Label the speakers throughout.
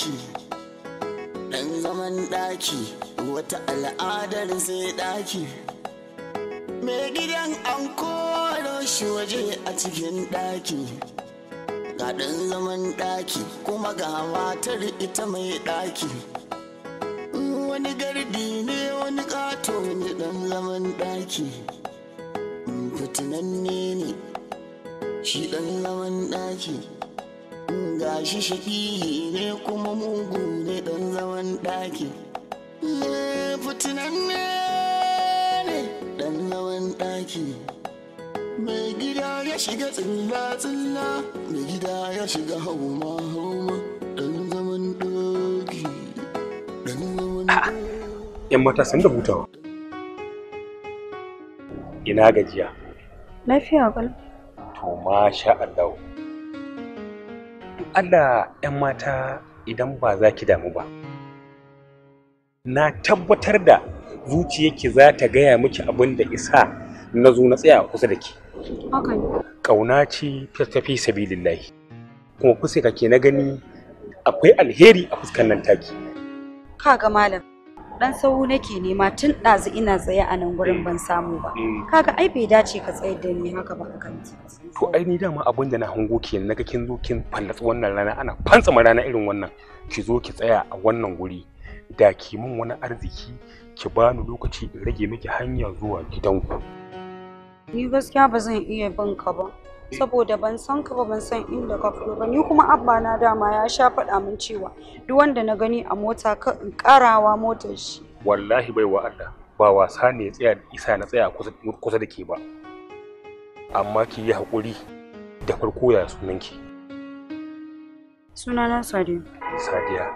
Speaker 1: daki dan zaman ɗaki, wata al'adar sai ɗaki. mai gidan an koro shi waje a cikin ɗaki. ga ɗan zaman ɗaki kuma ga matar ita mai daki mm, wani gardi ne wani kato ne dan zaman daki mm, fitinanne ne shi ɗan zaman ɗaki. gashi shaƙihi ne kuma mugu ne ɗan zaman ɗaki fitinan ne ne ɗan zaman ɗaki mai gida ya shiga tsilla-tsilla mai gida ya shiga hauma-hauma
Speaker 2: ɗan zaman ɗaki ɗan zaman yan mata sun da hutawa ina gajiya
Speaker 3: lafiya ƙwal
Speaker 2: to masha Allah Allah 'yan mata idan ba za ki damu ba. Na tabbatar da zuciyarki za ta gaya miki abin da isa na zo na tsaya kusa da ke. Ƙauna ce tafi sabilillahi. Kuma kusa ka ke na gani akwai alheri a fuskan nan taki.
Speaker 3: Ka ga malam, dan sahu nake nema tun ɗazu ina tsaye a nan gurin eh. ban samu ba eh. kaga ai bai dace ka tsayar da ni haka ba akan
Speaker 2: to ai ni dama abin da na hango kenan naga kin zo kin fallatsa wannan rana ana fantsama rana irin wannan ki zo ki tsaya a wannan guri da ki mun wani arziki ki bani lokaci in rage miki hanya zuwa gidanku
Speaker 3: ni gaskiya ba zan iya bin ka ba saboda ban san ka ba ban san inda ka fito ba ni kuma abba na dama ya sha faɗa min cewa duk wanda na gani a mota ka in karawa motar shi
Speaker 2: wallahi bai wa ba wasa ne tsaya isa na tsaya kusa da ke ba amma ki yi haƙuri da farko ya ki
Speaker 3: sunana sadiya
Speaker 2: sadiya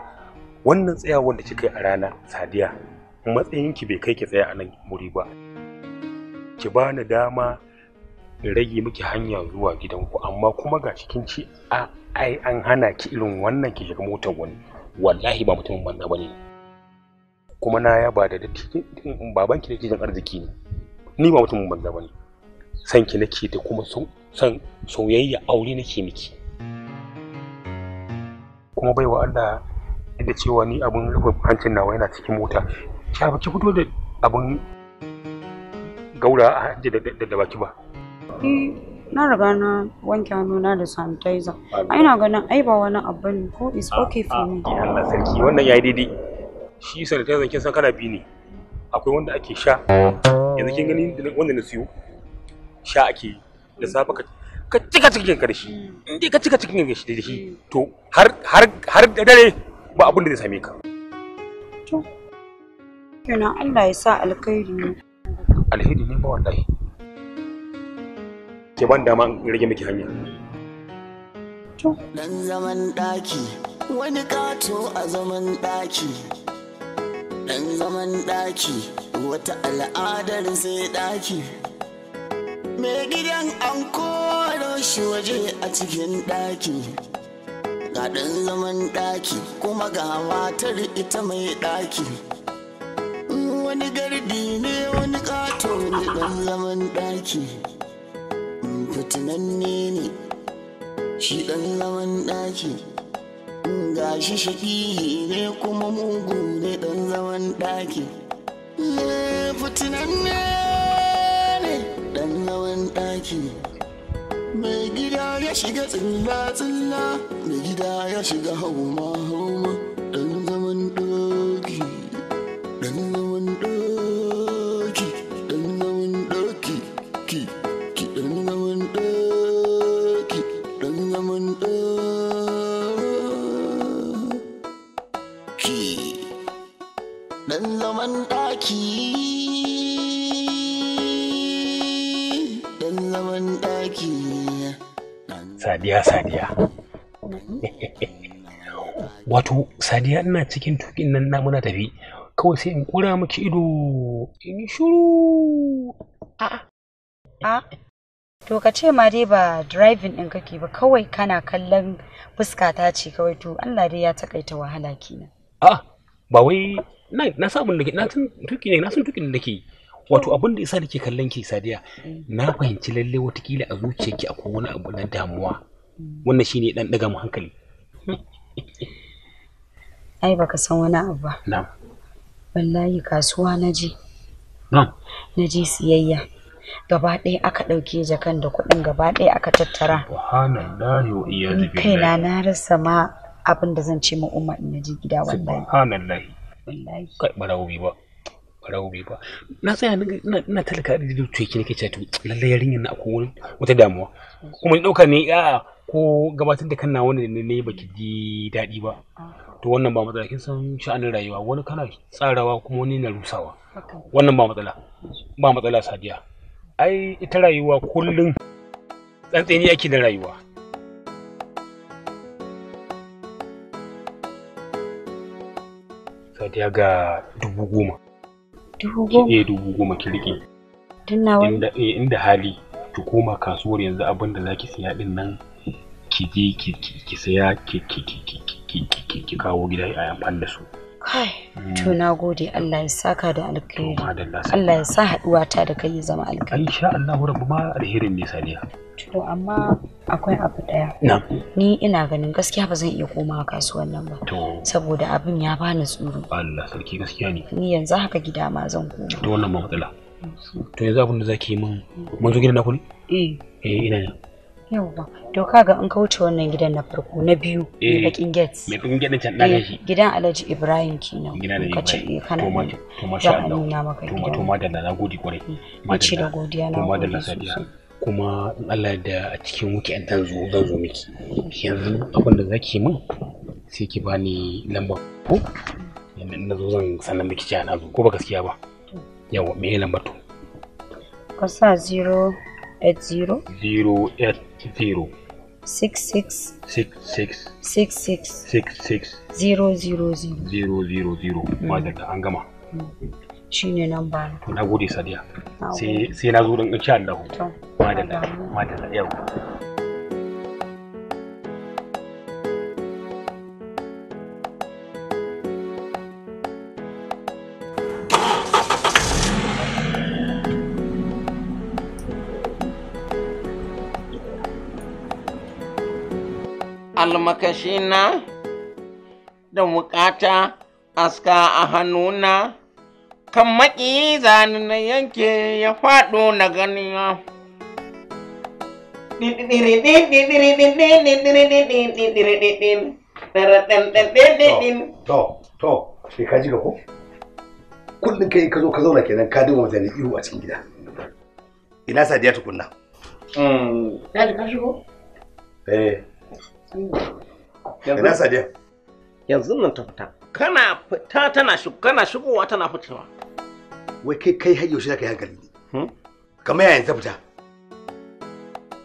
Speaker 2: wannan tsayawar da kika yi a rana sadiya matsayinki bai kai ki tsaya a nan muri ba ki bani dama rage miki hanya zuwa gidanku amma kuma ga cikin ci a ai an hana ki irin wannan ki shiga motar wani wallahi ba mutumin banza bane kuma na yaba da dattijan baban ki dattijan arziki ne ni ba mutumin banza bane san ki nake da kuma son soyayya aure nake miki kuma baiwa Allah da cewa ni abun rufe hancin nawa yana cikin mota ki fito da abun gaura a hanci da baki ba
Speaker 3: na riga na wanke hannuna da sanitizer. Ai ina ganin ai ba wani abu ne ko is ah, okay for ah, me. Ah, Allah
Speaker 2: sarki wannan yayi daidai. Shi sanitizer kin san kana bi ne. Akwai wanda ake sha. Yanzu kin gani wanda na siyo. Sha ake yi. Da safe ka ka cika cikin karshe. Hmm. In dai ka cika cikin karshe da shi to har har har dare ba abin da zai same ka.
Speaker 3: To. Kenan Allah ya sa alkhairi ne.
Speaker 2: Alheri ne ba wallahi. ke ban dama in rage miki hanya
Speaker 1: dan zaman ɗaki, wani kato a zaman ɗaki dan zaman ɗaki, wata al'adar sai ɗaki mai gidan an koro shi waje a cikin ɗaki ga ɗan zaman ɗaki kuma ga matar ita mai ɗaki wani gardi ne wani ƙato ne dan zaman ɗaki fitinanne ne shi ɗan zaman ɗaki ga shi shafihi ne kuma mugu ne ɗan zaman ɗaki fitinanne ne ɗan zaman ɗaki mai gida ya shiga tsilla-tsilla mai gida ya shiga hauma hajiya
Speaker 2: wato sadiya ina cikin tukin nan na muna tafi kawai sai in kura miki ido
Speaker 3: in shuru a a to ka ce ma dai ba driving din kake ba kawai kana kallon fuskata ce kawai to Allah dai ya takaita wahala kina
Speaker 2: a ba wai na na samu da na san tuki ne na san tukin da nake wato abin da yasa nake kallon ki sadiya mm. na fahimci lalle watakila a zuciyarki akwai wani abu na damuwa wannan shine dan daga mu hankali
Speaker 3: ai baka san wani abu ba na'am wallahi kasuwa na je na'am na je siyayya gaba ɗaya aka ɗauke jakan da kuɗin gaba ɗaya aka tattara
Speaker 2: subhanallahi wa iyyazu kaina
Speaker 3: na rasa ma abin da zan ce ma umma in naje gida wallahi subhanallahi
Speaker 2: wallahi kai barawo ba barau ba na tsaya ina talaka da to yake nake cewa lalle yarinyar na akwai wata damuwa kuma ni dauka ne a ko gabatar da kanna wanda ne ne baki ji daɗi ba to wannan ba matsala kin san sha'anin rayuwa wani kana tsarawa kuma wani na rusawa wannan ba matsala ba matsala sadiya ai ita rayuwa kullum tsantseni ake da rayuwa sadiya ga dubu goma dubu goma ki dubu goma ki rike inda eh, inda hali ki koma kasuwar yanzu abin da zaki siya din nan ki je ki ki saya ki ki ki ki ki kawo gida yayan amfani da su
Speaker 3: Kai, mm. to gode Allah ya saka da alkhairi. Allah ya sa haɗuwa ta da kai zama alkhairi.
Speaker 2: Insha Allah rabu ma alherin ne Saliha.
Speaker 3: To amma akwai abu ɗaya. Ni ina ganin gaskiya ba zan iya komawa kasuwan nan ba. Saboda abin ya bani tsoro. Allah sarki gaskiya ne. Ni yanzu haka gida ma zan koma. To
Speaker 2: wannan ba matsala. Mm. To yanzu abin da zaki yi min mun zo gidan naku ne? Eh. Eh ina ne.
Speaker 3: Doka to kaga an kauce wannan gidan na farko na biyu mai
Speaker 2: eh, bakin mai bakin can eh, shi
Speaker 3: gidan Alhaji Ibrahim Kina. gidan da Ibrahim eh, kana to Allah to ma to ma
Speaker 2: da na gode kwarai
Speaker 3: ma mm. da godiya na ma da
Speaker 2: kuma Allah da a cikin weekend zan zo zan zo miki yanzu abin da zaki min sai ki bani lambar ko yanzu na zo zan sanar miki cewa na zo ko ba gaskiya ba yawa me lambar to
Speaker 3: ka sa zero eight an gama shine namba
Speaker 2: to na gode sadiya sai na zo don in sha Allah ma yau
Speaker 4: almakashina da wuƙata aska a hannuna kan maƙi zane na yanke ya faɗo na ganiya
Speaker 5: To, to, shi ka ji ga ko? Kullum kai ka zo ka zauna kenan ka dinga mutane ihu a cikin gida. Ina sadiya tukunna. Ta mm. ji ka shigo?
Speaker 4: Eh. Ina sadiya. Yanzu nan ta fita. Kana fita tana shigo kana shigowa tana fitowa. Wai kai kai har
Speaker 5: yaushe zaka yi hankali ne? Hmm? Kamar yayin ta fita.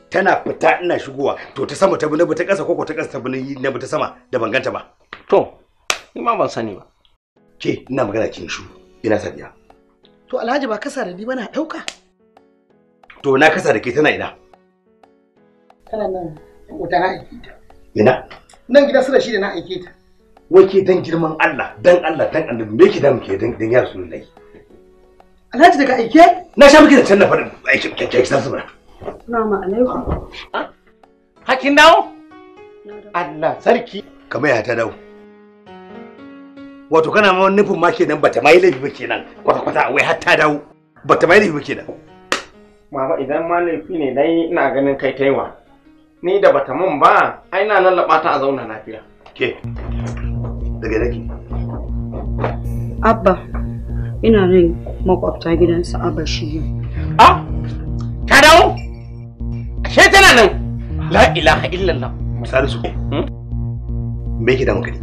Speaker 4: Tana fita
Speaker 5: ina shigowa to ta sama ta bi na ta ƙasa ko ta ƙasa ta bi na ta sama da ban ganta ba. To, ni ma ban sani ba. Ke ina magana kin shu ina sadiya.
Speaker 4: To Alhaji ba kasa da ni ba na ɗauka.
Speaker 5: To na kasa da ke tana ina.
Speaker 4: Tana nan, ko ta haifita. ina nan gida su da shi da na aike ta
Speaker 5: ke dan girman Allah dan Allah dan annabi me yake da muke dan dan ya rasulullahi
Speaker 6: Alhaji daga aike
Speaker 5: na sha miki da can na aike ke ke kisan su ba
Speaker 6: Assalamu alaikum Hakin dawo Allah sarki
Speaker 5: kamar ya ta dawo wato kana ma nufin ma kenan bata mai laifi ba kenan kwata kwata wai har ta dawo bata ma laifi ba kenan
Speaker 4: Mama idan ma laifi ne dai ina ganin kai taiwa ni da bata mun ba ai na lallaba ta a zauna lafiya ke
Speaker 5: daga nake
Speaker 3: abba ina nan makwabta gidansa abba shi a ka dawo ashe tana nan
Speaker 5: la ilaha illallah misali su hmm? me yake da maka ne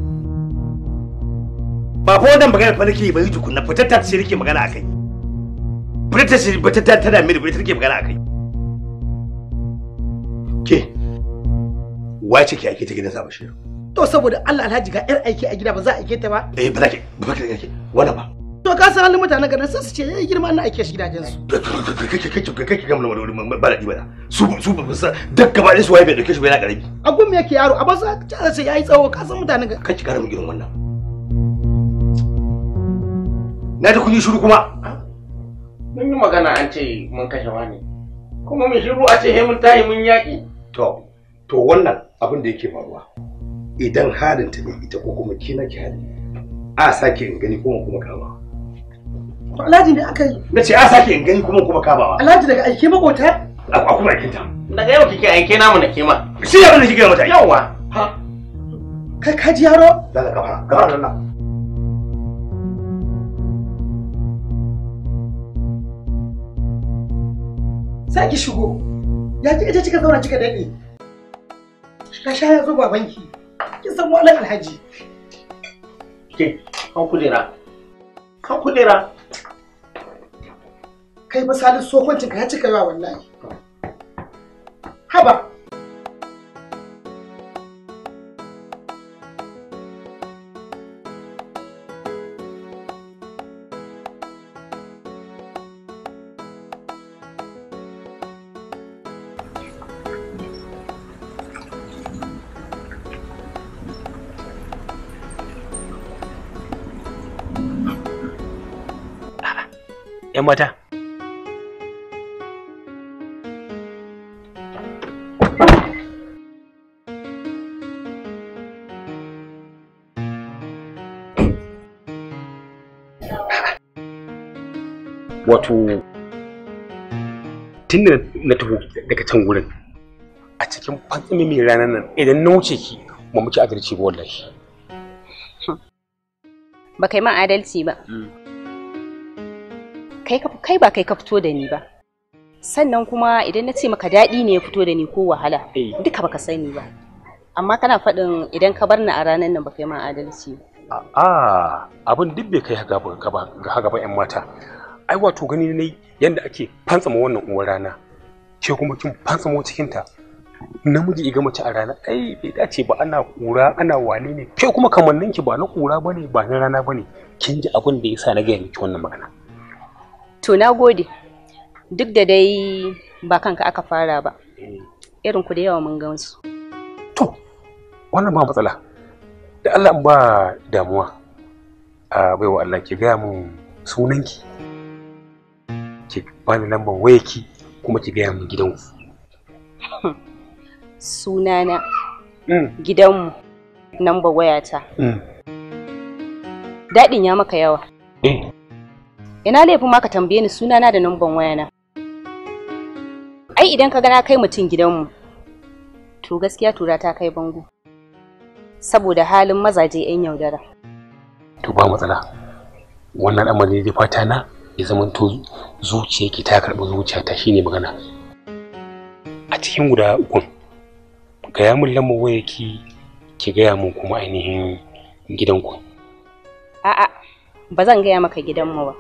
Speaker 5: ba fa wannan magana falaki ba yi tukunna fitatta ta ce nake magana akai fitatta ta ce fitar ta tana mini fitatta take magana akai ke wace ke ake ta gidan sa shi
Speaker 4: to saboda Allah Alhaji ga yar aiki a gida ba za a aike ta ba
Speaker 5: eh ba za ki ba ki aike wala ba
Speaker 4: to ka san halin mutanen garin sun su ce yayi eh, girma na aike shi gidajen su
Speaker 5: kake kake kake kake gamla wani ba da ibada su su ba san duk gaba da su waye bai dauke shi ba yana garabi
Speaker 4: a gun me yake yaro a ba sa ta ce yayi tsawo ka san mutanen garin kake
Speaker 5: karamin girman wannan
Speaker 4: na ji kun yi shiru kuma ah, mun yi magana an ce mun kashe wani kuma mun shiru a ce he mun tayi mun yaki
Speaker 5: to to wannan abin da yake faruwa idan halin ta ne ita ko kuma kina nake hali a sake in gani kuma kuma kama
Speaker 4: Alhaji ne aka yi.
Speaker 5: Na ce a sake in gani kuma kuma kama.
Speaker 4: Alhaji daga aike makota?
Speaker 5: A kuma aikin ta.
Speaker 4: Daga yau kike aike namu
Speaker 5: na kema. Shi abin da kike mata. Yawwa.
Speaker 4: Ha. Kai ka ji yaro?
Speaker 5: Daga kafa. Kafa
Speaker 4: nan. Sai ki shigo. Ya ji je kika zauna kika dade. Ka sha ya zo babanki. Kin san wani alhaji. Ke, an kudera. Kan kudera. Kai fa Salisu sokoncin ka ya cika yawa wallahi. Haba,
Speaker 2: wato tun da na taho daga can wurin a cikin fatsimi mai ranar nan idan na wuce ki ba muke adalci ba wallahi
Speaker 7: ba kai ma adalci ba hmm. kai ba kai ka fito da ni ba sannan kuma idan na ce maka daɗi ne ya fito da ni ko wahala eh. duka baka sani ba amma kana faɗin idan ka bar ni a ranar nan ba kai ma adalci
Speaker 2: ba a'a abin duk bai kai haka ba 'yan mata ai wato gani ne yanda ake fantsama wannan uwar rana ke kuma kin fantsamo cikin ta namiji iga mace a rana ai bai dace ba ana kura ana wane ne ke kuma kamannin ki ba na kura bane ba na rana bane kin ji abin da yasa na gaya miki wannan magana
Speaker 7: to na gode duk da dai ba kanka aka fara ba eh. irin ku da yawa
Speaker 2: mun ga su to wannan ba matsala da Allah in ba damuwa a baiwa Allah ki gaya mun sunanki ki bani lambar wayarki kuma ki gaya min gidanku
Speaker 7: sunana mm. gidanmu lambar wayata mm. daɗin ya maka yawa eh. ina laifin ma ka tambaye ni sunana da lambar wayana ai idan ka gana kai mutum gidanmu to gaskiya tura ta kai bango saboda halin mazaje 'yan yaudara
Speaker 2: to ba matsala wannan amalin da fata na ya zamanto ke ta karɓi ta shine magana a cikin guda ukun gaya min lamba wayarki ki gaya mun kuma ainihin gidanku
Speaker 7: a'a ba zan gaya maka gidanmu ba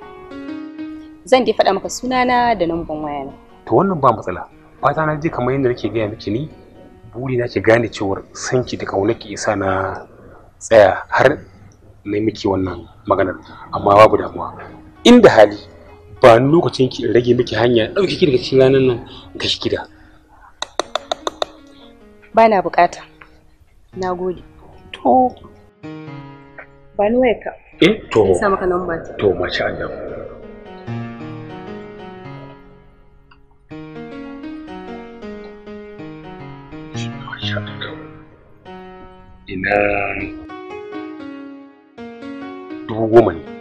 Speaker 7: zan ji faɗa maka sunana da waya na.
Speaker 2: to wannan ba matsala fata na ji kamar yadda nake gaya miki ni buri na ki gane cewar sanki da ki isa na tsaya har na miki wannan maganar amma babu damuwa inda hali ba lokacin ki rage miki hanya ɗauki ki daga cikin ranar nan ga shi gida
Speaker 7: ba na bukata na gode to
Speaker 8: ba ni waya ka eh to sa maka namba to
Speaker 2: mace Allah ina dubu goma ne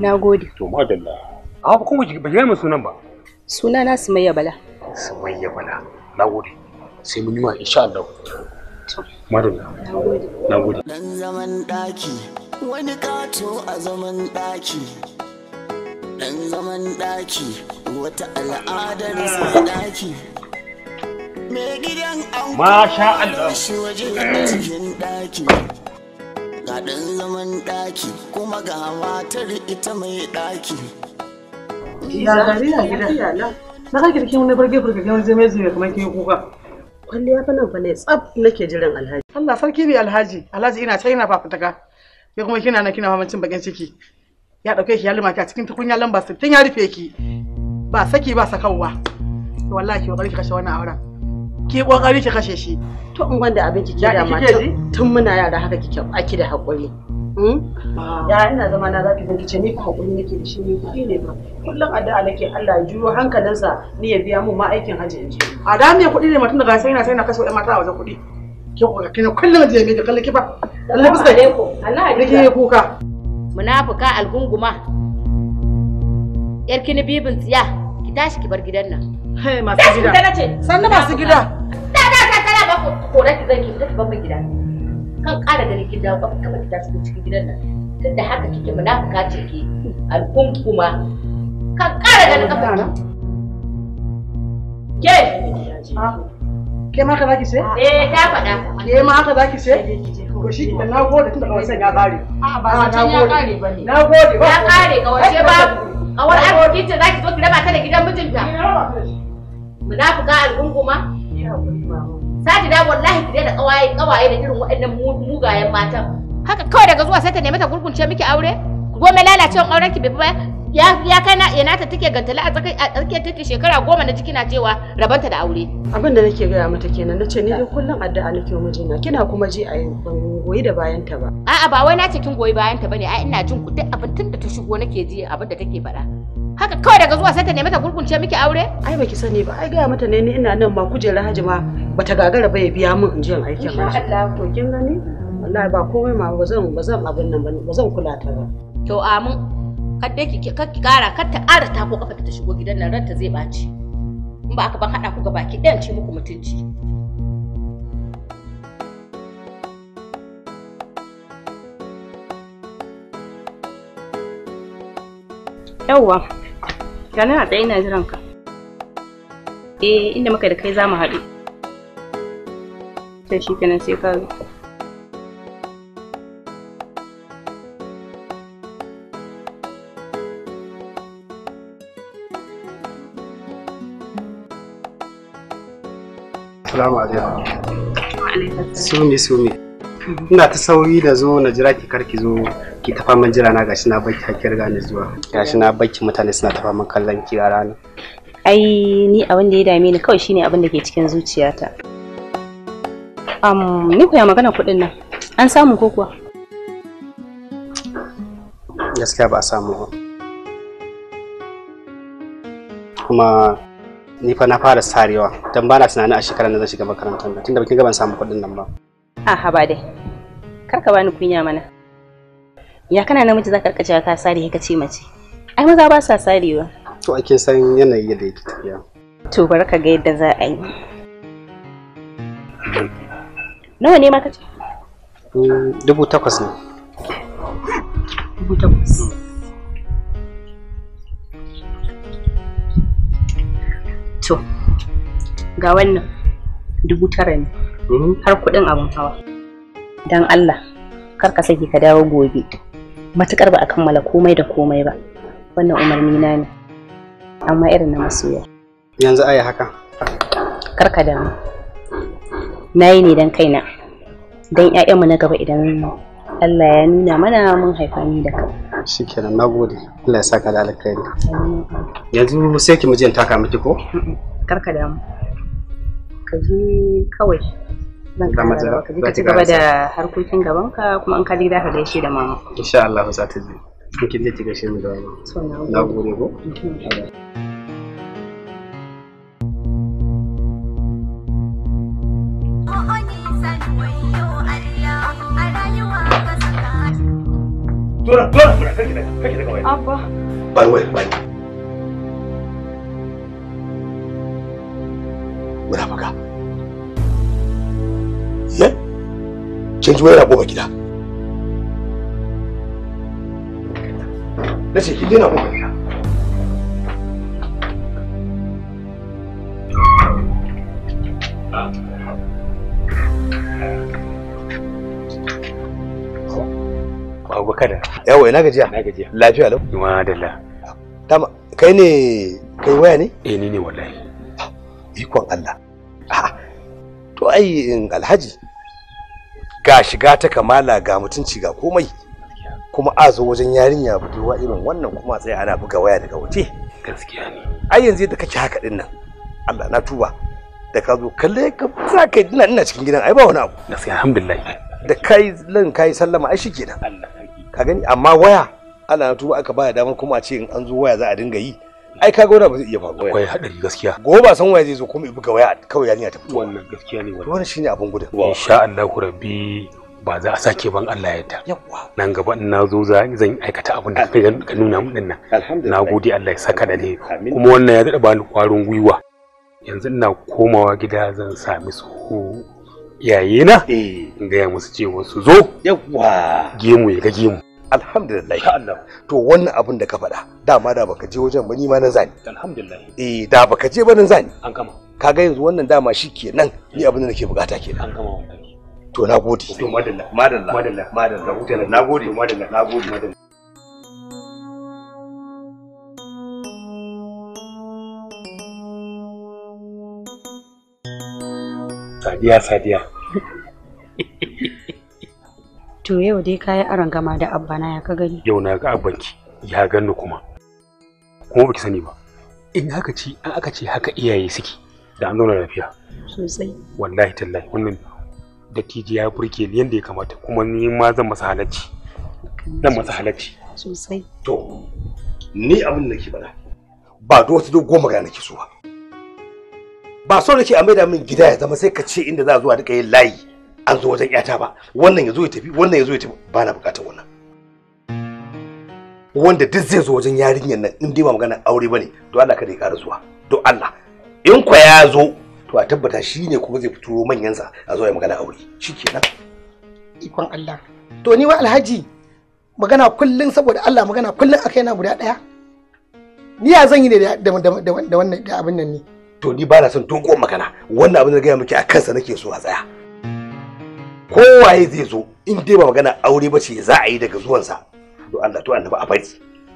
Speaker 2: Na gode. To madalla. A kuma ba ga mun sunan ba.
Speaker 7: Suna na Sumayya Bala.
Speaker 2: Sumayya Bala. Na gode. Sai mun yi wa insha Allah. Madalla.
Speaker 1: Na gode. Dan zaman daki wani kato a zaman daki. Dan zaman daki wata al'adar sa daki. Me gidan an Masha Allah. Shi waje cikin daki. ga ɗan zaman ɗaki kuma ga matar ita mai ɗaki. Ya gari ya gida.
Speaker 6: Na ka kirkin wani barge barge kan zai mai zuwa kamar kin kuka. Kwalli ya fana fa ne tsaf nake jiran alhaji. Allah sarki bi alhaji. Alhaji ina ta ina fafutaka. Ke kuma kina na kina mamancin bakin ciki. Ya dauke ki ya lima ki a cikin tukunya lamba 60 ya rufe ki. Ba saki ba sakawa. Wallahi ki kokari ki kashe wannan auren. ke kokari ki kashe shi to in wanda abin ki ke da matan tun muna yara haka kike baki da hakuri hmm? ya ina zama na zaki zan kice ni fa hakuri nake da shi ne ki ne ba kullum addu'a nake Allah ya juyo hankalinsa ni ya biya mu ma aikin haji inji a da me kudi ne mutum daga sai na sai na kashe ƴan mata waje kudi ke kokari kina kullum je me da ki ba Allah bisa ne ko Allah ya kuka
Speaker 7: munafika algunguma
Speaker 6: yar ni bibin tsiya ki tashi ki bar gidan nan Hey, masu gida. Sannu masu gida. ko babban gida kan ƙara gani kin dawo kafa kafa ki cikin gidan nan tunda haka kike munafika ce ke alkunkuma kan ƙara gani kafa ki ke ke ma haka zaki sai eh ta faɗa ke ma haka zaki sai to shi da na gode tunda kawasan ya ƙare
Speaker 3: a ba na gode na gode ba ya ƙare kawace babu
Speaker 6: kawar arziki ce za zo ki raba ta da gidan mijinta munafika alkunkuma
Speaker 7: Sadida wallahi ki da kawaye kawaye da irin waɗannan mugayen matan. Haka kawai daga zuwa sai ta nemi ta gurgunce miki aure? goma lalacewa auren ki bai ya ya kai na yana ta take gantala a tsakai a tsakiyar take shekara goma na jiki na cewa rabanta da
Speaker 6: aure abin da nake gaya mata kenan nace ni dai kullum addu'a nake wa mijina kina kuma ji a goyi da bayan ta ba
Speaker 7: a'a ba wai na cikin kin goyi bayan ta bane ai ina jin ku duk abin tun da ta shigo nake ji abin da take
Speaker 6: faɗa haka kawai daga zuwa sai ta nemi ta gurgunce miki aure ai baki sani ba ai gaya mata ne ni ina nan ma kujerar hajima bata gagara ba ya biya min in je in aikin ba insha
Speaker 3: Allah to kin gani
Speaker 6: wallahi ba komai ma ba zan ba zan abin nan ba zan kula ta ba
Speaker 7: to amin kadda ki ki kara kar ta kara ta ko kafa ta shigo gidan nan ranta zai baci in ba aka ban hada ku ga baki ɗayan ce muku mutunci yawwa gani a tsaye na jiran ka eh inda muka da kai za mu haɗu shi kenan sai ka zo
Speaker 9: Assalamu alaikum. Sumi sumi. Ina ta sauri da zo na jira ki karki zo ki tafa min jira na gashi na baki hakiyar gane zuwa. Gashi na baki mutane suna tafa min kallon ki a rana.
Speaker 7: Ai ni abin da ya dame ni kawai shine abin da ke cikin zuciyata. Um, ni ya magana kuɗin nan. An samu ko kuwa?
Speaker 9: Gaskiya ba a samu ba. Kuma ni fa na fara sarewa dan ba na tunanin a shekarar da zan shiga makarantar nan tunda kin ga ban samu kuɗin nan ba
Speaker 7: a haba dai kar ka bani kunya mana ya kana namiji za ka rika cewa ka sare ka ce mace ai maza ba sa sarewa
Speaker 9: to a kin san yanayi yadda yake tafiya
Speaker 7: to bar ka ga yadda za a yi nawa ne ma ka ce
Speaker 9: mm, dubu takwas ne dubu takwas to
Speaker 3: ga
Speaker 7: wannan dubu tara ne mhm. har kuɗin abin hawa don Allah kar ka sake ka dawo gobe matukar ba a kammala komai da komai ba wannan umarni na ne amma irin na masoya
Speaker 9: yanzu aya haka
Speaker 7: kar ka damu na yi ne don kaina don 'ya'yanmu na gaba idan Allah ya nuna mana mun haifani da kai
Speaker 9: shikenan nagode Allah ya saka da alkhairi yanzu sai ki mijin taka miki ko
Speaker 7: karka da mu ka ji kawai zan ka ji ka ci gaba da harkokin gaban ka kuma an ka ji da ka shi da mama
Speaker 9: insha Allah za ta je kin je ki shi mu da mama nagode ko mm-hmm.
Speaker 5: Dora, Dora, Dora, kake daga, kake daga waya. Abba. Bai Ye? Kin ji wayar goma gida. Nace gida. abubakar yawo ina gajiya ina gajiya lafiya lau ma dalla tama kai ne kai waya ne eh ni ne wallahi ikon Allah to ai in alhaji ga shiga ta kamala ga mutunci ga komai kuma a zo wajen yarinya budurwa irin wannan kuma sai ana buga waya daga waje gaskiya ne ai yanzu da kake haka din nan Allah na tuba da ka zo kalle ka za ka ina cikin gidan ai ba wani abu gaskiya alhamdulillah da kai lan kai sallama ai kenan Allah ka gani amma waya ana tuba aka baya damar kuma a ce in an zo waya za a dinga yi ai ka gona ba zai iya faruwa akwai hadari gaskiya gobe ba san waya zai zo kuma buga waya kawai yarinya ta fito wannan gaskiya ne wannan shine abin gudun insha
Speaker 2: Allah rabbi ba za a sake ban Allah ya ta nan gaba in na zo za zan aikata abin da ka nuna mu dinnan na gode Allah ya saka da ne kuma wannan ya daɗa bani kwarin gwiwa yanzu ina komawa
Speaker 5: gida zan sami su yayi na eh. in gaya musu cewa su zo yawa
Speaker 2: gemu ya ga gemu
Speaker 5: alhamdulillah Allah to wannan abin da ka faɗa dama da baka je wajen ba ni ma na zani alhamdulillah eh da baka je ba nan zani an gama kaga yanzu wannan dama shi kenan ni abin da nake bukata kenan an gama wannan to nagode to madalla madalla madalla madalla na gode madalla na gode madalla
Speaker 2: Sadiya Sadiya.
Speaker 3: To yau dai kayi aron gama da abba na ya ka gani.
Speaker 2: Yau na ga ki ya ganni kuma. Kuma baki sani ba. In haka ci an aka ce haka iyaye suke da an zauna lafiya. Sosai. Wallahi tallahi wannan da tiji ya burke ni yadda ya kamata kuma ni ma zan masa halacci. Zan masa halacci. Sosai. To ni abin
Speaker 5: da ke bada ba da wata dogon magana ke so ba. ba so nake a maida min gida ya zama sai ka ce inda za a zuwa duka yin layi an zo wajen yata ba wannan ya zo ya tafi wannan ya zo ya tafi ba na bukatar wannan wanda duk zai zo wajen yarinyar nan in dai ba magana aure bane to Allah kada ya ƙara zuwa to Allah in kwa ya zo to a tabbata shi ne kuma zai fito sa a zo ya magana aure
Speaker 4: shikenan ikon Allah to ni wa alhaji magana kullun saboda Allah magana kullun akai na guda daya ni ya zan yi ne da wannan da abin nan ne
Speaker 5: to ni ba na son dogon magana wannan abin da gaya miki a kansa nake so a tsaya kowaye zai zo in dai ba magana aure ba ce za a yi daga zuwansa to Allah to annabi a bari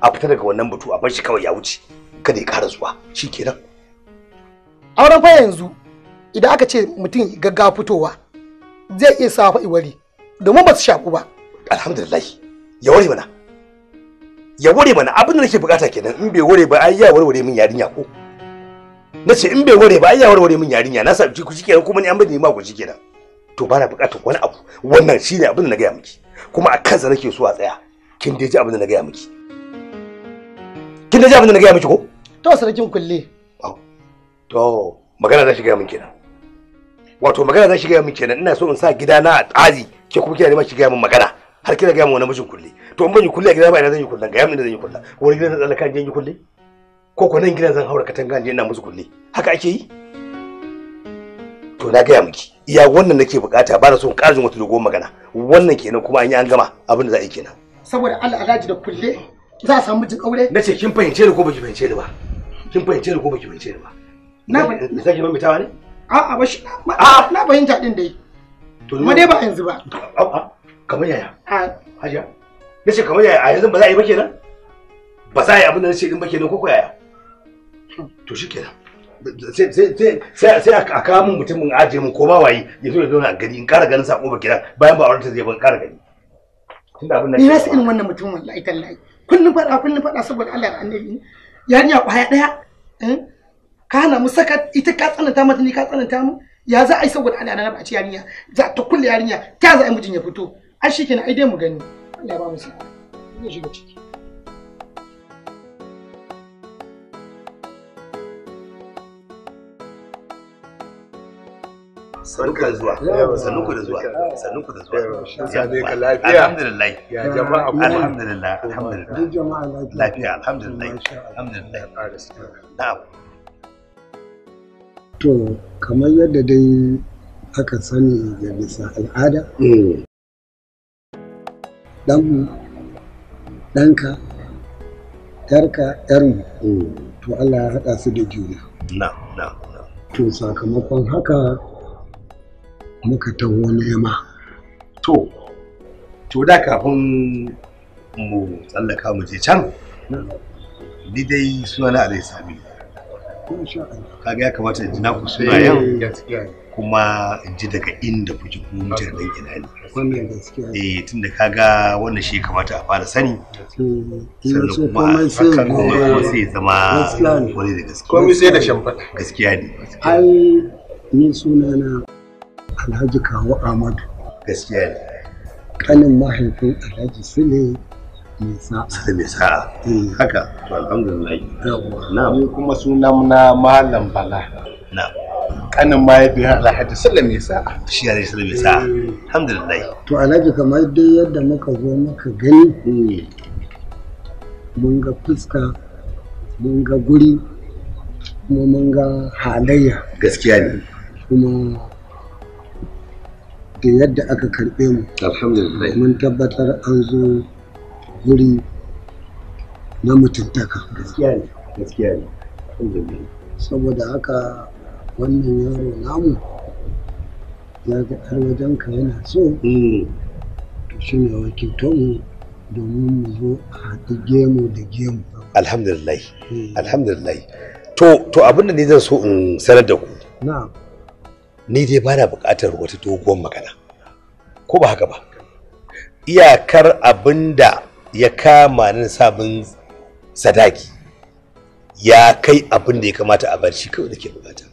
Speaker 5: a fita daga wannan batu a bar shi kawai ya wuce kada ya ƙara zuwa
Speaker 4: shikenan auren fa yanzu idan aka ce mutum gagga fitowa zai iya sa fa wari domin ba su shaku ba
Speaker 5: alhamdulillah ya ware mana ya ware mana abin da nake bukata kenan in bai ware ba ai ya warware min yarinya ko na ce in bai ware ba ai ya warware min yarinya na samu ku shike kuma ni an bani ma ku shikenan to bana buƙatar wani abu wannan shine abin da na gaya miki kuma a kansa nake so a tsaya kin dai ji abin da na gaya miki kin dai ji
Speaker 4: abin da na gaya miki ko to sarkin kulle
Speaker 5: to magana za shi gaya miki kenan wato magana za shi gaya min kenan ina so in sa gida na a tsari ke kuma kina neman shi gaya min magana har kina gaya min wani mijin kulle to in ban yi kulle a gida ba ina zan yi kullen gaya min da zan yi kullan wani gida na tsallaka jin yi kulle ko ko nan gidan zan haura katanga je ina musu kulle haka ake yi to na gaya miki iya wannan nake bukata ba na son ƙarin wata dogon magana wannan kenan kuma an yi an gama abin da za a yi kenan
Speaker 4: saboda Allah alhaji da kulle za a samu jin aure na
Speaker 5: ce kin fahimce ni ko baki fahimce ni ba kin fahimce ni ko baki fahimce ni ba na sai ki mamita wa ne a'a
Speaker 4: ba shi na fahimta din dai to ma dai ba yanzu ba kamar yaya a
Speaker 5: hajiya nace kamar yaya a yanzu ba za a yi ba kenan ba za a yi abin da na ce din ba kenan ko ko yaya to shikenan sai a kawo min mutumin ajiye min ko ba waye ya zo ya a gani in ganin sako ba bayan ba zai ban gani
Speaker 9: tunda ni
Speaker 4: irin da ya eh? ka mu saka ita ka tsananta mata ni ka tsananta mu ya za a yi saboda Allah na a yarinya za ta kulle yarinya ta za a yi mutum ya fito ai shikenan ai dai mu gani
Speaker 5: Sannu da zuwa. Sannu da zuwa. Sannu da zuwa. lafiya. Alhamdulillah. Ya jama'a Alhamdulillah. Alhamdulillah. Lafiya alhamdulillah. Alhamdulillah. Na'am.
Speaker 8: To kamar yadda dai aka sani da bisa al'ada. Hmm. Ɗanmu, danka, ‘yarka, ‘yarmu, hmm. to Allah ya haɗa su da juna. To sakamakon haka muka taho nema
Speaker 5: to to da kafin mu tsallaka mu je can ni dai suna na alai sami kaga ya kamata in ji naku eh, yau kuma in ji daga inda kuke ku mutanen ina ne wannan eh tunda kaga wannan shi kamata a fara sani mm, sannan kuma hakan kuma sai zama wani da gaskiya komai sai da shamfa gaskiya ne
Speaker 8: ai ni sunana alhaji kawo Amadu. gaskiya ne kanin mahaifin alhaji su ne
Speaker 5: mai sa'a mai sa'a eh. haka to alhamdulillah na mu kuma sunan na malam bala na kanin mahaifin alhaji Sule mai sa'a shi ya Sule mai sa'a eh. alhamdulillah
Speaker 8: to alhaji kamar dai yadda muka zo muka gani hmm. mun ga fuska mun ga guri kuma mun ga halayya gaskiya ne kuma da yadda aka karɓe mu alhamdulillah mun tabbatar an zo wuri na mutuntaka gaskiya ne gaskiya ne saboda haka wannan yaro namu ya ga har wajen ka yana so hmm. to shi ne wakilto mu domin mu zo a haɗu gemu da gemu
Speaker 5: alhamdulillah hmm. alhamdulillah to to abin da ne zan so in sanar da ku na'am ni dai bana buƙatar wata doguwar magana ko ba haka ba iyakar abin da ya kama nan sabon sadaki ya kai abin da ya kamata a bar shi kawai da ke bukata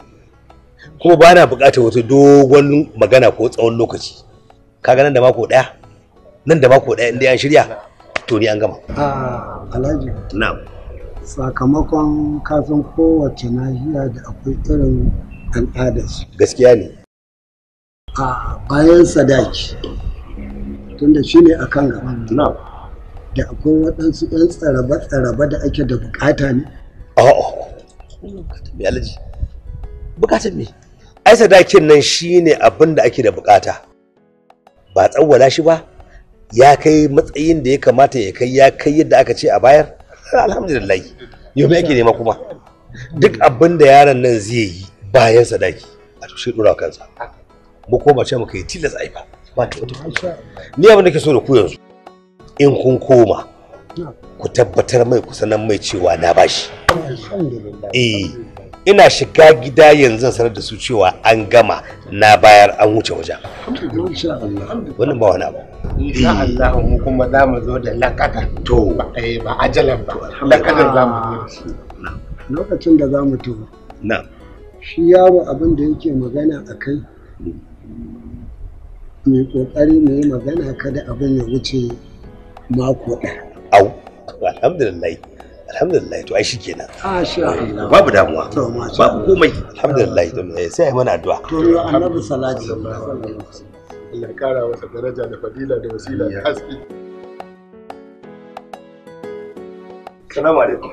Speaker 5: kuma ba na bukatar wata dogon magana ko tsawon lokaci kaga nan da mako daya nan da mako daya inda an shirya to ni an gama alhaji na'am
Speaker 8: sakamakon kafin kowace nahiya da akwai irin al'adarsu gaskiya ne a bayan sadaki tunda shi ne a kan gaba da akwai waɗansu 'yan tsaraba-tsaraba da ake da bukata ne
Speaker 5: a'a me alaji bukatar me ai sadakin nan shine abin da ake da bukata ba tsawwala shi ba ya kai matsayin da ya kamata ya kai ya kai yadda aka ce a bayar alhamdulillah yau me ake nema kuma duk abin da yaron nan zai yi bayan sadaki a to shi dora kansa mu koma ce muka yi tilas ai ba ba ta wata ni abin da ke so da ku yanzu in kun koma ku tabbatar mai ku sanan mai cewa na bashi eh ina shiga gida yanzu sanar da su cewa an gama na bayar an wuce wajen wannan ba wani abu insha eh. Allah mu kuma za mu zo da lakaka to eh, ba ajalan ba lakadar za mu zo
Speaker 8: lokacin da za mu tuba na'am shi yawo abin da yake magana a kai mai kokari mai magana kada abin ya
Speaker 5: wuce mako ɗaya au alhamdulillah alhamdulillah to ai shi kenan
Speaker 8: ah, babu damuwa babu
Speaker 5: komai alhamdulillah to eh, sai ai mana addu'a to
Speaker 8: annabi salati Allah kara masa daraja da fadila da wasila da haske
Speaker 5: salamu alaikum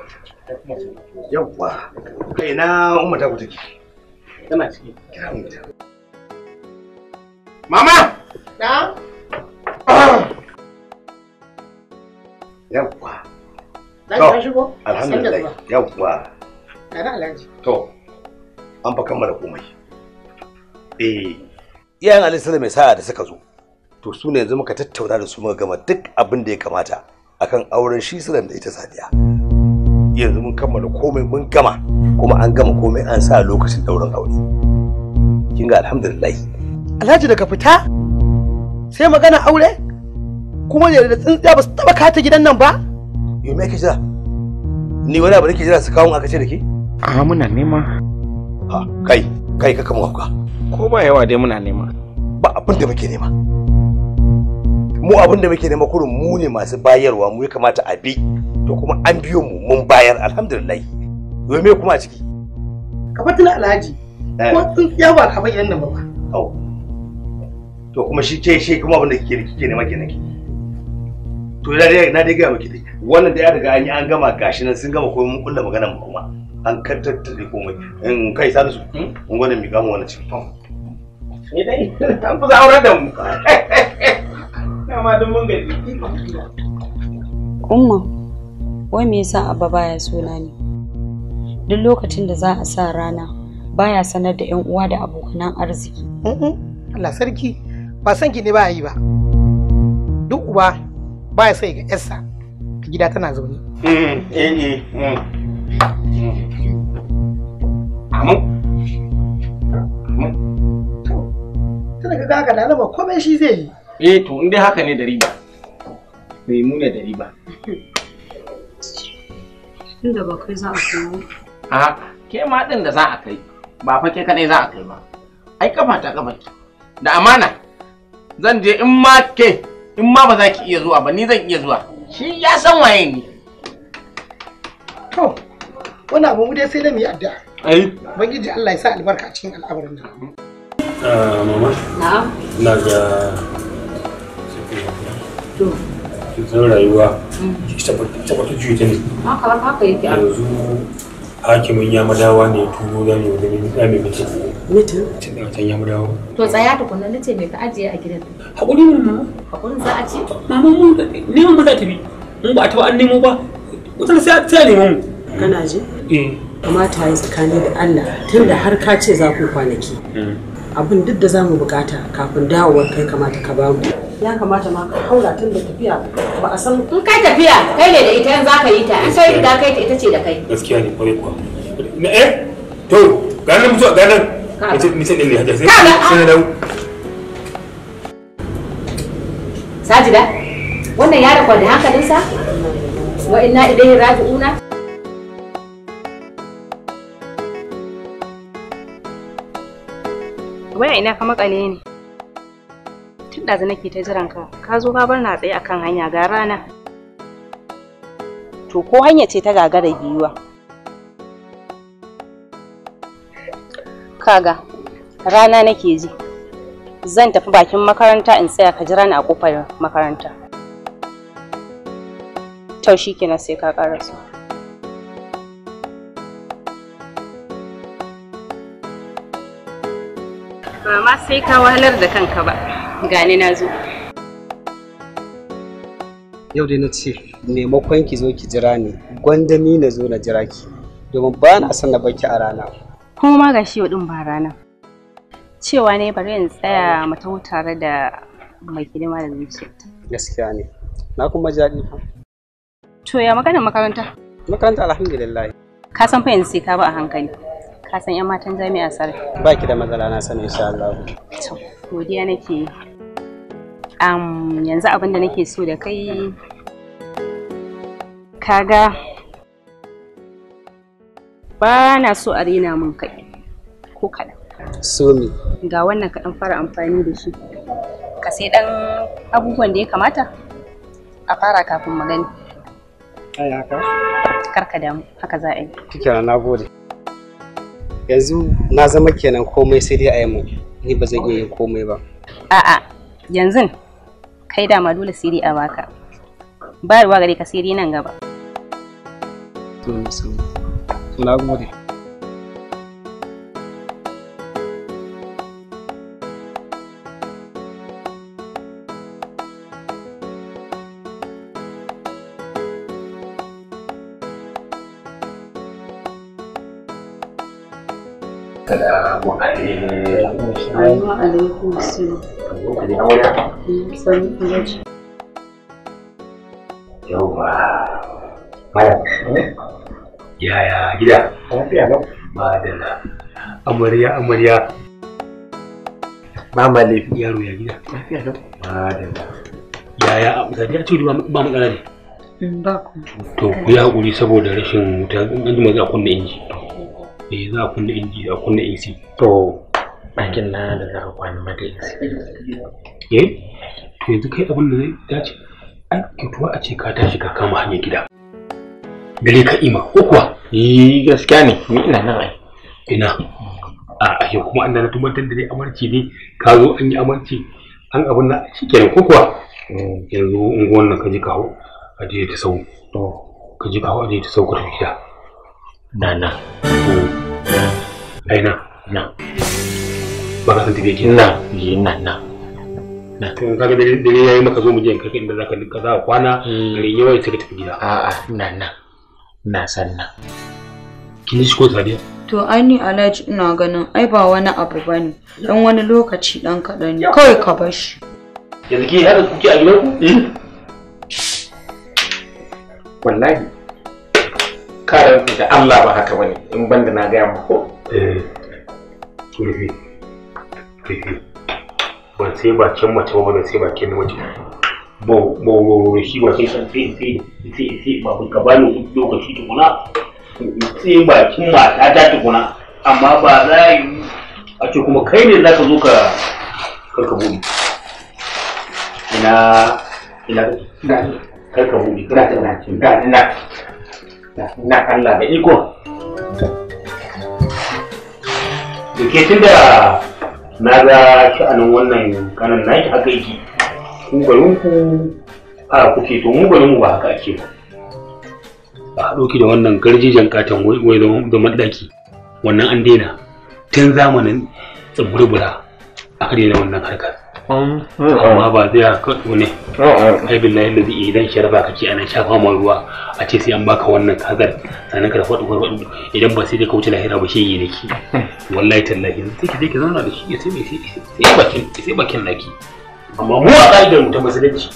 Speaker 5: yawwa kai na umma ta take tana ciki kira mu ta
Speaker 4: mama na yawwa dan shigo alhamdulillah yawwa kana alhaji
Speaker 5: to an fa kammala komai eh iyayen alisala mai sa'a da suka zo to su ne yanzu muka tattauna da su muka gama duk abin da ya kamata akan auren shi da ita sadiya yanzu mun kammala komai mun gama kuma an gama komai an sa lokacin dauran aure kin ga alhamdulillah
Speaker 4: alhaji daga fita sai magana aure kuma da da tsintsiya ba su taba kata gidan nan ba yo me kake jira ni wani abu nake
Speaker 5: jira su kawo aka ce da ke a muna nema ha kai kai ka kama hauka ko ba yawa dai muna nema ba abin da muke nema mu abin da muke nema kurin mu ne masu bayarwa mu ya kamata a bi to kuma an biyo mu mun bayar alhamdulillah yau me kuma a ciki ka fatina alhaji eh. ko ya ba ka bayyana nan ba to kuma shi ce shi kuma abin da kike kike nema kenan ki to na dai na dai ga miki dai wannan da ya riga an yi an gama gashi nan sun gama komai mun kulla maganar mu kuma an kantattare komai in kai su hmm? mun gwada mi gamu wannan ciki
Speaker 4: ni dai an fi zaurar da mu na ma dun mun
Speaker 6: gaji
Speaker 3: umma wai me yasa abba baya suna ni duk lokacin da za a sa rana baya sanar da 'yan uwa da abokanan arziki Allah sarki ba san ki ne ba yi ba duk
Speaker 4: uba baya sai ga yarsa a gida tana zaune
Speaker 8: eh, eh, mm.
Speaker 4: amu tana ga haka na komai shi zai yi eh to in dai haka ne da riba bai muna da riba
Speaker 3: Tunda ba kai za a kai
Speaker 4: A ke ma din da za a kai ba fa ke kadai za a kai ba. Ai kafa ta kafa Da amana zan je in ma ke in ma ba za ki iya zuwa ba ni zan iya zuwa. Shi ya san waye ni. To wannan abu dai sai da mu yi addu'a. Ai. bangiji Allah ya sa albarka cikin al'amarin nan.
Speaker 2: Ah, mama. Na'am. Na ga. To. tsintsin rayuwa ta batu juyi
Speaker 6: ne yanzu
Speaker 2: hakimin ya madawa ne turo da mu gani za mu mutu mutu tun da ya madawa
Speaker 7: to tsaya tukunna nace me ka ajiye a gidan hakuri ne ma hakurin za a ci mama
Speaker 6: mu neman mu za ta bi mu ba ta ba an nemo ba wutar sai ta neman mu kana ji eh kamata yi tsakani da Allah tunda har ka ce za ku kwanaki mm. abin duk da za mu bukata kafin dawowar kai kamata ka ba ya kamata ma ka haura tun da tafiya ba a san in kai tafiya kai ne da ita yanzu zaka yi ta in sai da kai ita ce da kai
Speaker 2: gaskiya ne kwarai kuwa eh to ga nan mutuwa ga nan ni ce din ne hajjar sai sai na dawo
Speaker 7: sajida wannan ya rakwa da hankalinsa wa inna ilaihi raji'una waya ina ka makale ne tun ɗazu nake ta jiran ka ka zo ka bar na tsaye akan hanya ga rana to ko hanya ce ta gagara biyuwa kaga rana nake ji zan tafi bakin makaranta in tsaya ka jira ni a kofar makaranta to shikenan sai ka karasa Mama sai ka wahalar da kanka ba gani na zo
Speaker 9: yau dai na ce maimakon ki zo ki jira ni gwandani na zo na jira ki domin ba na son na baki a rana
Speaker 7: kuma ma gashi yau din ba rana cewa ne bari in tsaya mu tare da mai hidima da zuciyarta
Speaker 9: gaskiya ne na kuma jaɗi fa
Speaker 7: to ya maganar makaranta
Speaker 9: makaranta alhamdulillah
Speaker 7: ka san fa yanzu sai ka ba a hankali ka san yan matan jami'a sare
Speaker 9: ba ki da matsala na sani insha Allah to
Speaker 7: godiya nake um, yanzu abin da nake so da kai kaga ba na so a rena min kai ko kaɗan so me ga wannan kaɗan fara amfani da shi ka sai ɗan abubuwan da ya kamata a fara kafin magani ai haka karka damu haka za a yi
Speaker 9: kike na gode yanzu na zama kenan komai sai dai a yi mu ni ba zan iya yin komai ba
Speaker 7: a'a yanzu kai dama dole siri a baka ba ruwa gare ka siri nan gaba
Speaker 2: Yauwa. Maya. Eh? Yaya gida? Lafiya lau. Madalla. Amarya Mama ya gida. Lafiya lau. Madalla. Yaya amsa ya ce mm, ba matsala ne. To ku yi haƙuri saboda rashin wuta an jima za kunna inji. Eh za a kunna inji a kunna AC. To bakin na da za ka kwana madina eh to yanzu kai abin da zai dace ai kyautuwa a ce ka tashi ka kama hanyar gida dare ka ima ko kuwa yi eh, gaskiya ne ni ina nan ai ina a a kuma an dana tumantar da dai amarci ne ka zo an yi amarci an abin na shikenan ko kuwa mm. yanzu unguwan nan ka ji kawo a je ta sau ka ji kawo a je ta sau ka tafi gida na na aina na ba ka san na yi na na to kaga dare yayi maka zo mu je inda zaka za hmm. ka tafi gida a na na na san na kin shi ko
Speaker 3: to ai ni alaji ina ganin ai ba wani abu bane dan wani lokaci dan kadan ne ka yanzu
Speaker 2: a gidanku hmm. wallahi da Allah ba haka bane in banda na ga mu ko eh ban sai bakin mace ba sai bakin namiji ba ba shi ba sai sai sai sai sai ba ka bani lokaci tukuna sai bakin mata ta tukuna amma ba za yi a ce kuma kai ne zaka zo ka karka buri ina ina karka buri kana ta na cin da na na Allah da iko da ke tunda na ga sha'anin wannan kanan yi haka yake ku garin ku a kuke to mu garin mu ba haka ake ba a ɗauki da wannan garjijan katon wai da maɗaki wannan an daina tun zamanin tsibirbura a daina wannan harkar
Speaker 4: amma oh, oh.
Speaker 2: ba zai haka ne oh, ai billahi da zai idan sharba kake ana shafa fama ruwa a ce sai an baka wannan kazar sannan ka faɗi faɗi idan ba sai dai ka wuce lahira ba shege ne ki wallahi tallahi sai ki je ki zauna da shi sai mai sai bakin sai bakin naki amma mu a ƙa'idar mu ta musulunci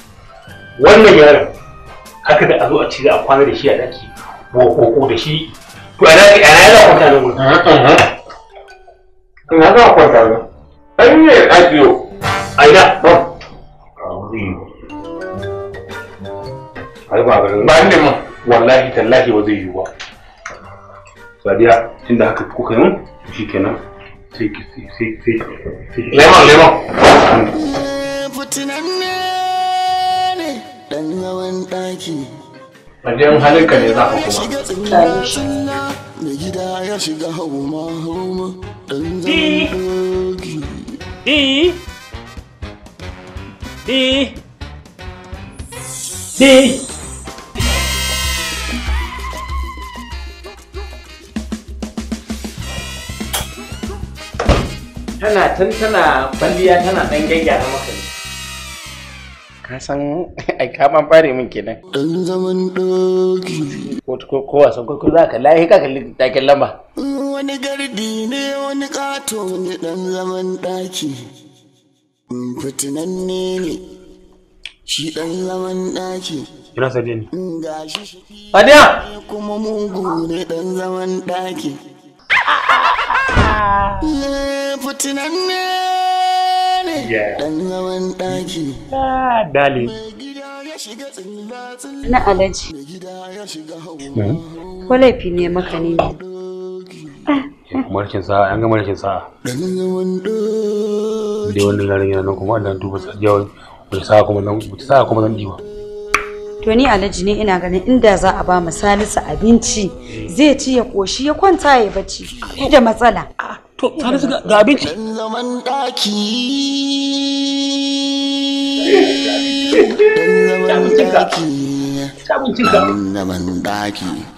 Speaker 2: wannan yaron haka da a zo a ci a kwana da shi a daki bokoko da shi to a daki a yana kwanta nan gudu. Ina za a kwanta nan. Ɗan yi ne a biyo. aida ba ai ba ga ba ne mun wallahi tallahi ba zai yi ba sadiya tunda haka kuka yi shikenan sai sai sai
Speaker 4: lemon lemon
Speaker 1: fitinan ne ne Da gida ya shiga D D
Speaker 4: tana tun tana kwalliya tana ɗan gyaggyara maka ne
Speaker 1: ka san ai ka man fare min kenan dan zaman doki ko ko ko wasan ko za ka lahi ka
Speaker 4: kalli takin lamba
Speaker 1: wani gardi ne wani kato ne dan zaman daki Mm, fitinan ne shi ɗan zaman ɗaki kira sadiya mm, ne sadiya kuma mun ne ɗan zaman ɗaki mm, fitinan ne ɗan zaman ɗaki ah, dali na alaji hmm?
Speaker 3: ko laifi ne maka ne
Speaker 2: mulkin sa'a an ga mulkin sa'a larin yana nan kuma Allah duba yawan bai sa'a kuma nan bai sa'a kuma nan diwa
Speaker 3: to ni alhaji ne ina ganin inda za a ba mu salisu abinci zai ci ya koshi ya kwanta ya bacci ni da matsala to salisu ga abinci
Speaker 1: zaman daki zaman daki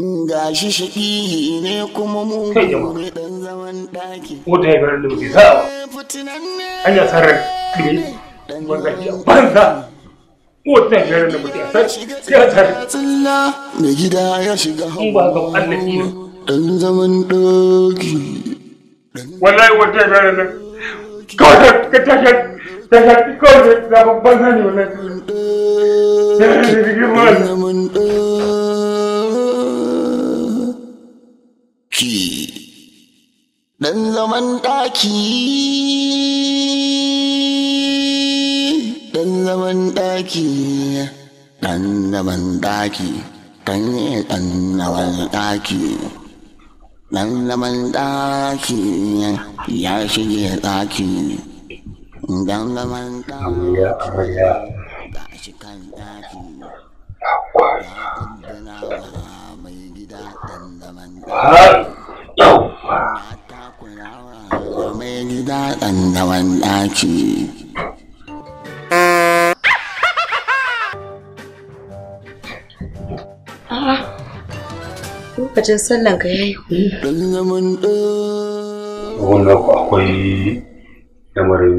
Speaker 1: ga shi shaƙihi ne kuma mu ne dan zaman ɗaki
Speaker 2: wata ya bar da muke sa an ya sarar
Speaker 1: kire wanda ke banza wata ya bar da muke ya sarar da gida ya shiga in ba ga annabi ne zaman ɗaki wallahi wata ya bar da kawai ka tashi tashi kawai da ne wallahi ɗaki ɗan zaman ɗaki ɗan zaman ɗaki ɗan zaman ɗaki ɗan ɗan zaman ɗaki ɗan zaman ɗaki ya shige ɗaki ɗan zaman ɗaki ya ɗan kan ɗaki ya ɗan daɗin zaman na takurawa mai gida
Speaker 3: lokacin sallan ka yi
Speaker 1: don
Speaker 2: ku akwai lamarin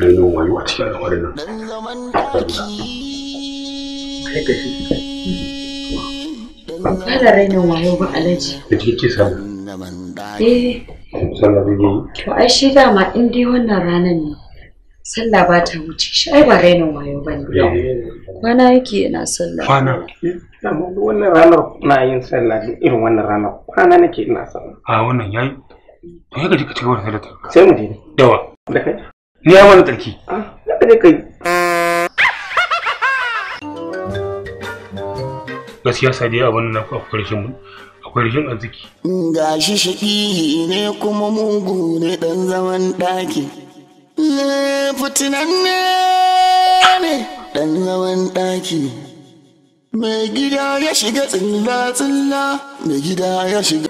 Speaker 2: rainin wayo a cikin lamarin nan
Speaker 3: Ban fara raina wayo ba alaji.
Speaker 1: Da kike sallah. Eh. Sallah ne.
Speaker 3: To ai shi dama in dai wannan ranar ne. Sallah ba ta wuce shi ai ba rainin wayo ba ne. Kwana yake yana sallah.
Speaker 2: Kwana.
Speaker 4: Wannan ranar na yin sallah irin wannan ranar
Speaker 3: kwana nake ina sallah.
Speaker 2: A wannan yayi. To ya gaji ka cigaba da sallah. Sai mu je. Dawa. Da kai. Ni ya mana tsarki.
Speaker 1: Ah, da kai.
Speaker 2: gaskiya sadi abin nan akwai mu akwai rashin arziki
Speaker 1: ga shi shaƙi ne kuma mugu ne dan zaman ɗaki fitinan ne dan zaman ɗaki mai gida ya shiga tsilla-tsilla mai gida ya shiga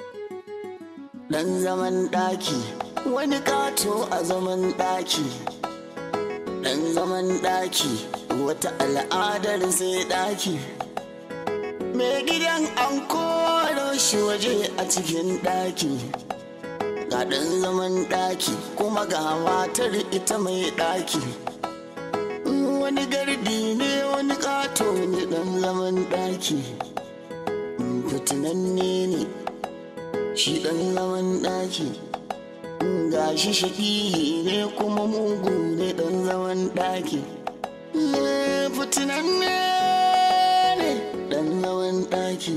Speaker 1: dan zaman ɗaki wani kato a zaman ɗaki dan zaman ɗaki wata al'adar sai ɗaki mai gidan an koro shi waje a cikin ɗaki gaɗin zaman ɗaki kuma ga matar ita mai ɗaki wani gardi ne wani ƙato ne ɗan zaman ɗaki fitinanne ne shi ɗan zaman ɗaki gashi shafihi ne kuma mugu ne ɗan zaman ɗaki eh, fitinanne ɗaki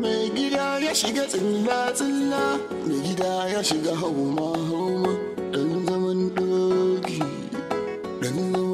Speaker 1: mai gida ya shiga tsilla-tsilla mai gida ya shiga hauma-hauma ɗan zaman doki ɗan zaman